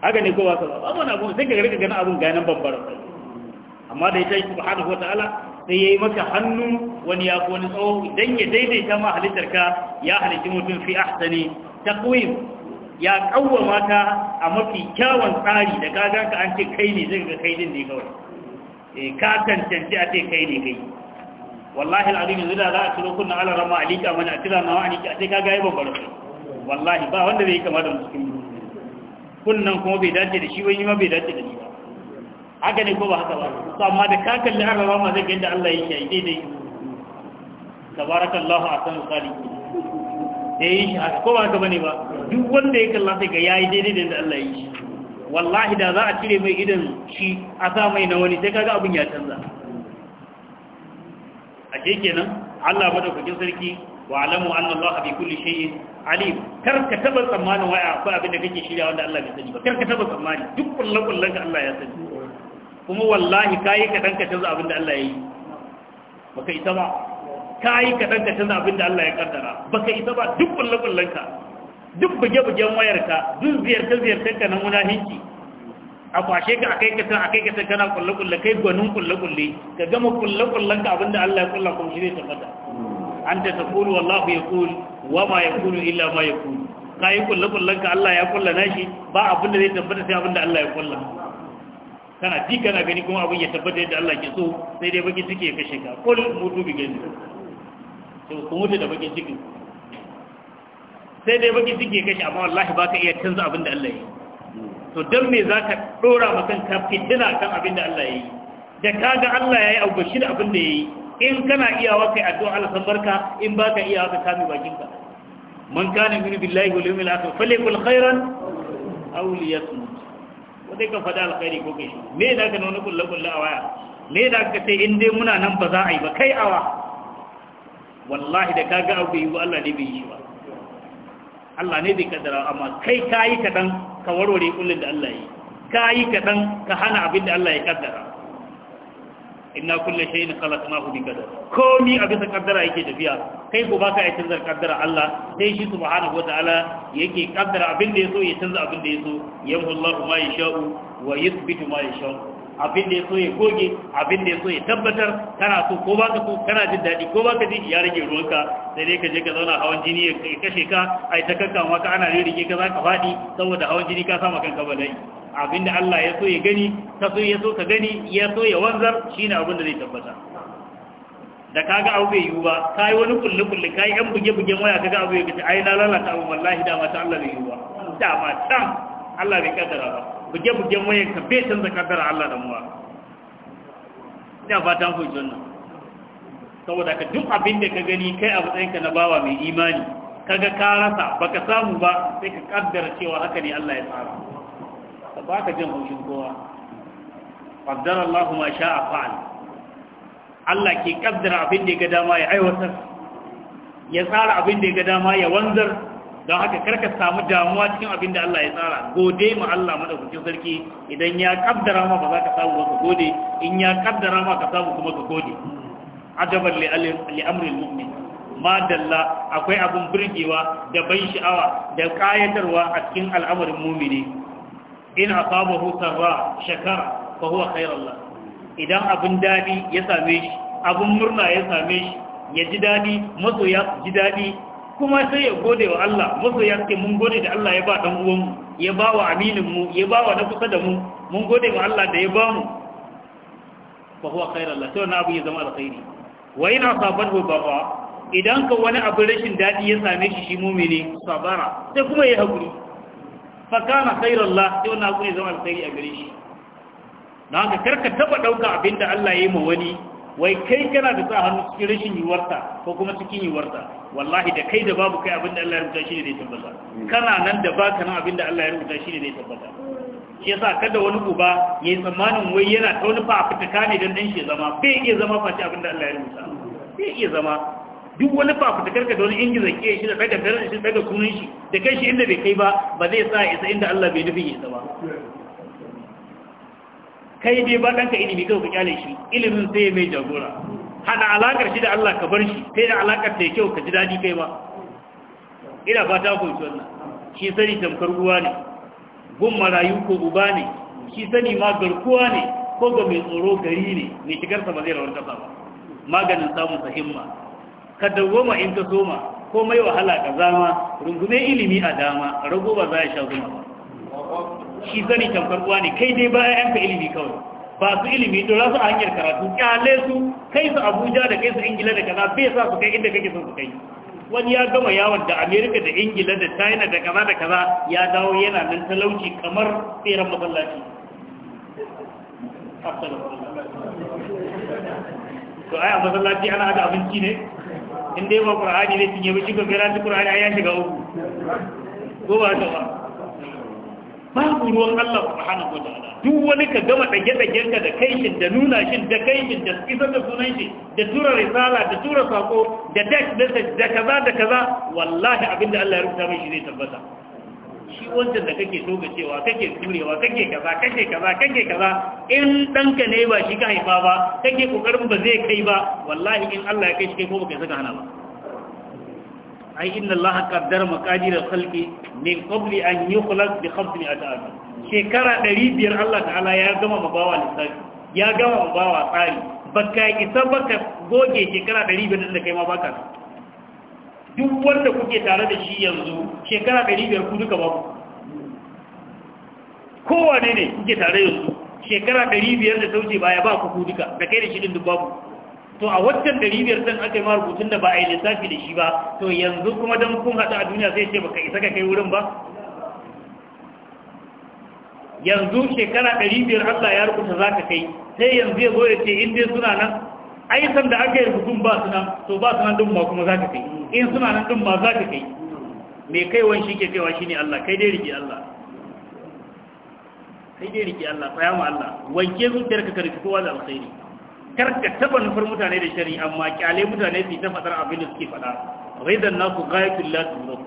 haka ne kowa ka ba wani abin sai ga rika gani abin ganin babbar amma da ta yi subhanahu wa ta'ala sai ya yi maka hannu wani ya wani tsawo idan ya daidaita ma halittar ka ya halitti mutum fi ahsani taqwim ya kawwama ta a mafi kyawun tsari da ka ganka an ce kai ne zai ga kai din ne kawai eh, ka cancanci a ce kai ne kai wallahi al'adun yanzu da za a ciro kunna ala rama alika mana a tira nawa alika a sai ka gaya babbar su wallahi ba wanda zai kama da musulmi kunnan kuma bai dace da shi wani ma bai dace da shi ba haka ne ko ba haka ba to amma da ka kalli ala rama zai ga Allah ya yi daidai a san salihin da ya yi shi haka ko ba haka ba ne ba duk wanda ya kalla sai ga yayi daidai da Allah ya yi shi wallahi da za a cire mai idan shi a sa mai na wani sai kaga abin ya canza ashe kenan Allah madaukakin sarki wa alamu anna Allah bi kulli shay'in alim kar ka taba tsammanin waya ko abin da kake shirya wanda Allah bai sani ba kar ka taba tsammani duk kullu kullu ka Allah ya sani kuma wallahi kai ka danka canza abin da Allah ya yi baka ita ba kai ka danka canza abin da Allah ya kaddara baka ita ba duk kullu kullu ka duk buge-bugen wayarka duk ziyartar-ziyartar ka na munahinci a kwashe ka a kai ka a kai ka kana kulle kulle kai gwanin kulle kulle ka gama kulle kullen ka abinda Allah ya kulla kuma shi zai tabbata ta taqulu wallahu ya yaqul wa ma yaqulu illa ma ka yi kulle kullen ka Allah ya kulla shi ba abinda zai tabbata sai abinda Allah ya kulla kana ji kana gani kuma abin ya tabbata yadda Allah ke so sai dai baki ciki ya kashe ka kul mutu bi gani sai ku mutu da baki ciki sai dai baki ciki ya kashe amma wallahi ka iya canza abinda Allah ya yi to don me za ka ɗora makan ka fitina kan abin da Allah ya yi da ka ga Allah ya yi abu shi da abin da ya yi in kana iyawa kai addu'a Allah san barka in ba ka iyawa ka kame bakinka man kana min billahi wal yawmil akhir falyakul khairan ya liyasmut wanda ka faɗa alkhairi ko kai me da ka nuna kullu kullu a waya me da ka ce in dai muna nan ba za a yi ba kai awa wallahi da ka ga abu yi Allah ne bai yi ba Allah ne bai kaddara amma kai ka yi ka kadan ka warware kullum da Allah yi ka yi kaɗan ka hana abin da Allah ya kaddara inna kulli shay'in khalaqnahu bi qadar komi a bisa kaddara yake tafiya kai ko baka ya canza kaddara Allah sai shi subhanahu wataala yake kaddara abin da so, ya canza abin da yaso yamhu Allah ma yasha'u wa yuthbitu ma yasha'u abin da ya so ya goge abin da ya so ya tabbatar kana so ko ba ka so kana jin daɗi ko ba ka ji ya rage ruwanka sai dai ka je ka zauna hawan jini ya kashe ka a yi ta kanka ka ana rirage ka za ka faɗi saboda hawan jini ka sama kanka dai. abin da Allah ya so ya gani ta so ya so ka gani ya so ya wanzar shine abin da zai tabbata da kaga abu bai yiwu ba kai wani kullu kullu kai yan buge buge waya kaga abu ya kace ai na lalata abu wallahi da mata Allah bai yiwu ba da mata Allah bai kaddara ba buge-bugen wayan ka bai canza kaddara Allah da muwa ina fatan ku nan. saboda ka duk abin da ka gani kai a matsayinka na bawa mai imani kaga ka rasa baka samu ba sai ka kaddara cewa haka ne Allah ya tsara ba ka jin haushin kowa qaddara Allah ma sha'a fa'al Allah ke kaddara abin da ya ga dama ya aiwatar ya tsara abin da ya ga dama ya wanzar don haka karka samu damuwa cikin abin da Allah ya tsara gode ma Allah madaukakin sarki idan ya kaddara ma ba za ka samu ba ka gode in ya kaddara ma ka samu kuma ka gode ajaban li amril ma dalla akwai abin burgewa da ban sha'awa da kayatarwa a cikin al'amarin mumini in asabahu sarra shakara fa huwa khairul idan abin dadi ya same shi abin murna ya same shi ya ji dadi masoya ji dadi kuma sai ya gode wa Allah musu ce mun gode da Allah ya ba dan uwanmu ya ba wa aminin mu ya ba wa na kusa da mu mun gode wa Allah da ya ba mu fa huwa khairal la sai abu ya zama alkhairi wa ina saban baqa idan ka wani abu rashin dadi ya same shi shi mumini sabara sai kuma ya hakuri fa kana khairal la sai abu ya zama alkhairi a gare shi dan haka karka taba dauka abinda Allah ya yi ma wani wai kai kana da sa hannu cikin rashin yiwarta ko kuma cikin yiwarta wallahi da kai da babu kai abinda Allah ya rubuta shi ne zai tabbata hmm. kana nan da ba kana abinda Allah ya rubuta shi ne zai tabbata shi yasa kada wani uba yi tsammanin wai yana ta wani fafutuka ne dan dan shi zama bai iya zama face abinda Allah ya rubuta bai iya zama duk wani fafutukar ka da wani ingiza ke shi da daga daren shi daga sunan shi da kai shi inda bai kai ba ba zai sa isa inda Allah bai nufi ya ba kai dai ba ɗanka ilimi kawai ka kyale shi ilimin sai mai jagora hana alakar shi da Allah ka bar shi sai da alakar ta kyau ka ji daɗi kai ba ina ba ta koyi wannan shi sani tamkar ruwa ne gun marayu ko uba ne shi sani ma garkuwa ne ko ga mai tsoro gari ne mai sa ba zai rawar kasa ba maganin samun fahimma ka dawoma in ka soma ko mai wahala ka zama rungume ilimi a dama rago ba za ya sha zuma ba shi zani tamfar uwa ne kai dai baya yanka ilimi kawai ba su ilimi dora su a hanyar karatu kyale su kai su abuja da kai su ingila da kaza bai sa su kai inda kake son su kai wani ya gama yawon da amerika da ingila da china da kaza da kaza ya dawo yana nan talauci kamar tseren masallaci to ai a masallaci ana hada abinci ne in dai ba ne cinye ba shi ga gara qur'ani uku ko ba ta ba babu ruwan Allah subhanahu wataala duk wani ka gama dage-dagen ka da kaishin da nuna shin da kaishin da isar da sunan shi da tura risala da tura sako da text message da kaza da kaza wallahi abinda Allah ya rubuta mai shi zai tabbata shi wancan da kake so cewa kake turewa kake kaza kake kaza kake kaza in danka ne ba shi ka haifa ba kake kokarin ba zai kai ba wallahi in Allah ya kai shi kai ko baka saka hana ba ai inna allaha qaddara maqadir al-khalqi min qabli an yukhlaq bi 500 alf shekara 500 Allah ta'ala ya gama mabawa lissafi ya gama mabawa tsari baka isa baka goge shekara 500 da kai ma baka duk wanda kuke tare da shi yanzu shekara 500 ku duka babu kowane ne kuke tare yanzu shekara 500 da sauce baya ba ku duka da kai da shi din duk babu to a waccan ɗari biyar san aka yi marubutun da ba a yi lissafi da shi ba to yanzu kuma don kun haɗu a duniya sai ce baka isa ka kai wurin ba yanzu shekara ɗari biyar Allah ya rubuta za ka kai sai yanzu ya zo ya ce in dai suna nan Ai san da aka yi rubutun ba suna to ba suna ɗin ma kuma za ka kai in suna nan ɗin ma za ka kai Me kaiwan shi ke kaiwa shi ne Allah kai dai rike Allah kai dai rike Allah tsaya ma Allah wanke zuciyarka ka rike kowa da alkhairi karka taba nufar mutane da shari amma kyale mutane su ta fadar abin da suke fada da nasu ghayatul lati tuzur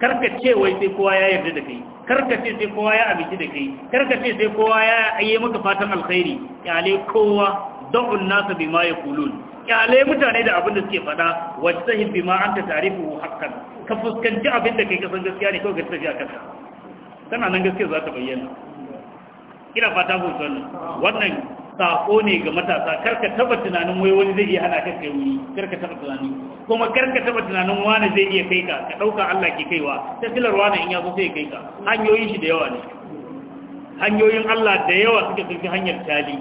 karka ce wai sai kowa ya yarda da kai karka ce sai kowa ya abinci da kai karka ce sai kowa ya yi maka fatan alkhairi kyale kowa da'un nasa ya kulun. kyale mutane da abin da suke fada wacce ma an ta tarifu hakan ka fuskanci abin da kai kasan gaskiya ne kawai ka tafi akan nan gaskiya za ta bayyana ina fata ku wannan sako ne ga matasa karka taba tunanin wai wani zai iya hana ka kai wuri karka taba tunanin kuma karka taba tunanin wani zai iya kai ka ka dauka Allah ke kaiwa ta filar wani in ya zo sai kai ka hanyoyin shi da yawa ne hanyoyin Allah da yawa suke sulfi hanyar tali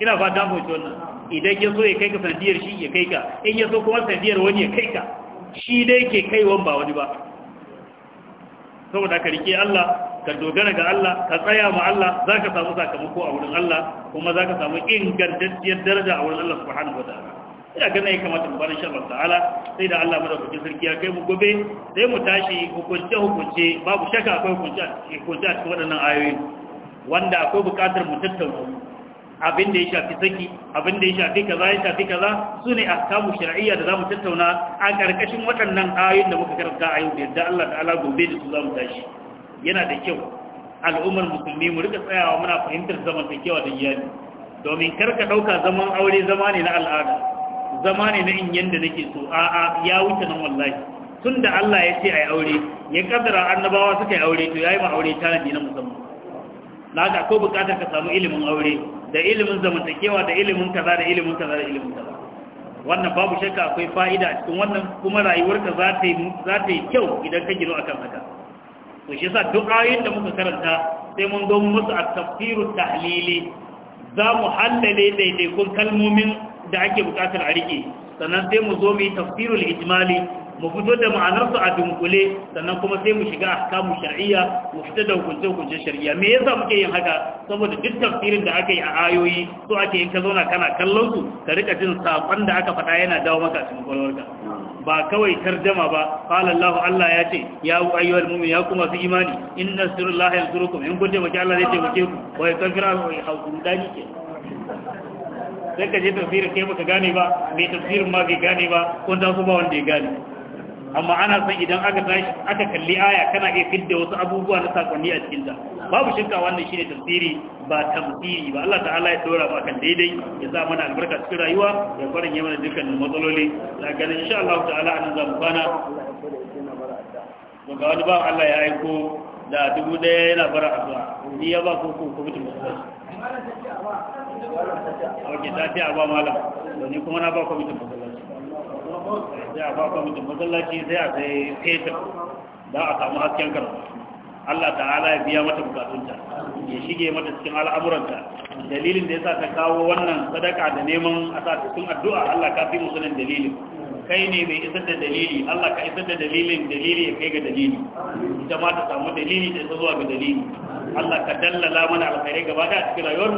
ina ba ta fahimci wannan idan ya ya kai ka sanadiyar shi ya kai ka in ya kuma sanadiyar wani ya kai ka shi dai ke kaiwan ba wani ba saboda ka rike Allah ka dogara ga Allah ka tsaya ma Allah za ka samu sakamako a wurin Allah kuma za ka samu ingantacciyar daraja a wurin Allah subhanahu wa ta'ala ina ganin ya kamata mu bar insha Allah ta'ala sai da Allah madaukakin sarki ya kai mu gobe sai mu tashi hukunce hukunce babu shaka akwai hukunce hukunce a cikin waɗannan ayoyi wanda akwai buƙatar mu tattauna abin da ya shafi saki abin da ya shafi kaza ya shafi kaza su ne samu shari'a da za mu tattauna a ƙarƙashin waɗannan ayoyin da muka karanta a yau da yadda Allah ta'ala gobe da su za mu tashi yana da kyau al'ummar musulmi mu rika tsayawa muna fahimtar zaman da kyau da iyali domin karka ɗauka zaman aure zama ne na al'ada zama ne na in yanda nake so a'a ya wuce nan wallahi tun Allah ya ce a yi aure ya kaddara annabawa suka yi aure to ya yi ma aure tanadi na musamman na ko bukatar ka samu ilimin aure da ilimin zamantakewa da ilimin kaza da ilimin kaza da ilimin kaza wannan babu shakka akwai fa'ida a cikin wannan kuma rayuwarka za ta yi kyau idan ka gino akan haka to shi yasa duk ayoyin da muka karanta sai mun zo musu a tafsirut tahlili za mu hallale daidaikun kalmomin da ake bukatar a rike sannan sai mu zo mu yi tafsirul ijmali mu fito da ma'anarsu a dunkule sannan kuma sai mu shiga ahkamu shar'iyya mu fita da hukunce hukuncen shar'iyya me yasa muke yin haka saboda duk tafsirin da aka yi a ayoyi so ake yin ka zauna kana kallon su ka rika jin saƙon da aka faɗa yana dawo maka cikin kwalwarka ba kawai tarjama ba qala Allah Allah ya ce ya ayyuhal mu'min ya kuma su imani inna sirrullahi yansurukum in kun taimaki Allah zai taimake ku wa yakfiru wa yahkum dani ke sai ka je tafsir kai baka gane ba mai tafsirin ma bai gane ba ko da su ba wanda ya gane amma ana son idan aka tashi aka kalli aya kana iya fidda wasu abubuwa na sakonni a cikin babu shakka wannan shine tafsiri ba tamsiri ba Allah ta'ala ya dora ba kan daidai ya sa mana albarka cikin rayuwa ya farin yi mana dukkan matsaloli da ganin insha Allah ta'ala an zan bana ga wani ba Allah ya aiko da dubu daya yana bara addu'a ni ya ba ko ko ko mutum ok ta ce a ba malam to ni kuma na ba ko mutum masallaci sai a ba kwamitin masallaci sai a sai fetur Da a samu hasken karatu Allah ta'ala ya biya mata bukatunta ya shige mata cikin al'amuranta dalilin da ya sa ta kawo wannan sadaka da neman a sa cikin addu'a Allah ka fi musulun dalilin kai ne mai isar da dalili Allah ka isar da dalilin dalili ya kai ga dalili ita ma ta samu dalili da ita zuwa ga dalili Allah ka dallala mana alkhairai gaba da cikin rayuwar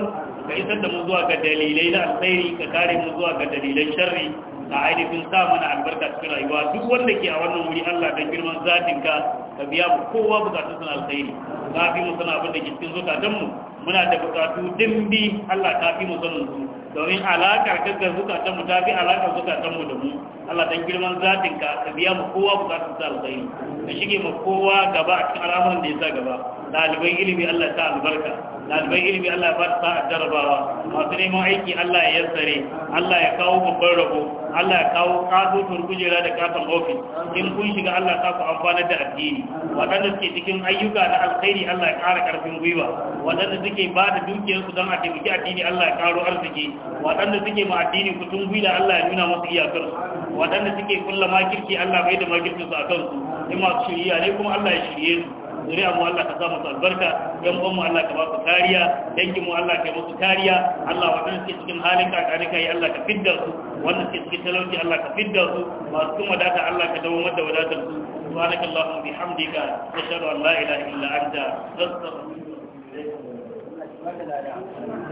ka isar da mu zuwa ga dalilai na alkhairi ka kare mu zuwa ga dalilan sharri a ainihin sa mana albarka cikin rayuwa duk wanda ke a wannan wuri Allah da girman zatinka ka ka biya mu kowa bukatun sana alkhairi ka fi mu sana abin da ke cikin zukatan mu muna da bukatu dimbi Allah ka fi mu sanin su domin alakar kakar zukatan mu ta fi alakar zukatan mu da mu Allah dan girman zatinka ka ka biya mu kowa bukatun sana alkhairi ka shige mu kowa gaba a cikin al'amuran da ya sa gaba ɗaliban ilimi Allah ta albarka ɗaliban ilimi Allah ya ba ta sa'a jarabawa masu neman aiki Allah ya yassare Allah ya kawo babban rabo Allah ya kawo katotar kujera da katon ofis in kun shiga Allah ka ku da addini waɗanda suke cikin ayyuka na alkhairi Allah ya ƙara ƙarfin gwiwa waɗanda suke ba da dukiyarsu don a taimaki addini Allah ya ƙaro arziki waɗanda suke ma addini kutun gwila Allah ya nuna masu iyakarsu waɗanda suke kulla makirki Allah bai da makirkinsu a kansu in masu shirya ne kuma Allah ya shirye su zuriya mu Allah ka sa musu albarka yan uwan Allah ka ba su kariya dangin mu Allah ka yi musu kariya Allah wadanda suke cikin halin kakarika yi Allah ka fidda su wanda suke cikin talauci Allah ka fidda su masu kuma wadata Allah ka dawo mata wadatar su سبحانك اللهم وبحمدك نشهد ان لا اله الا انت نستغفرك ونتوب اليك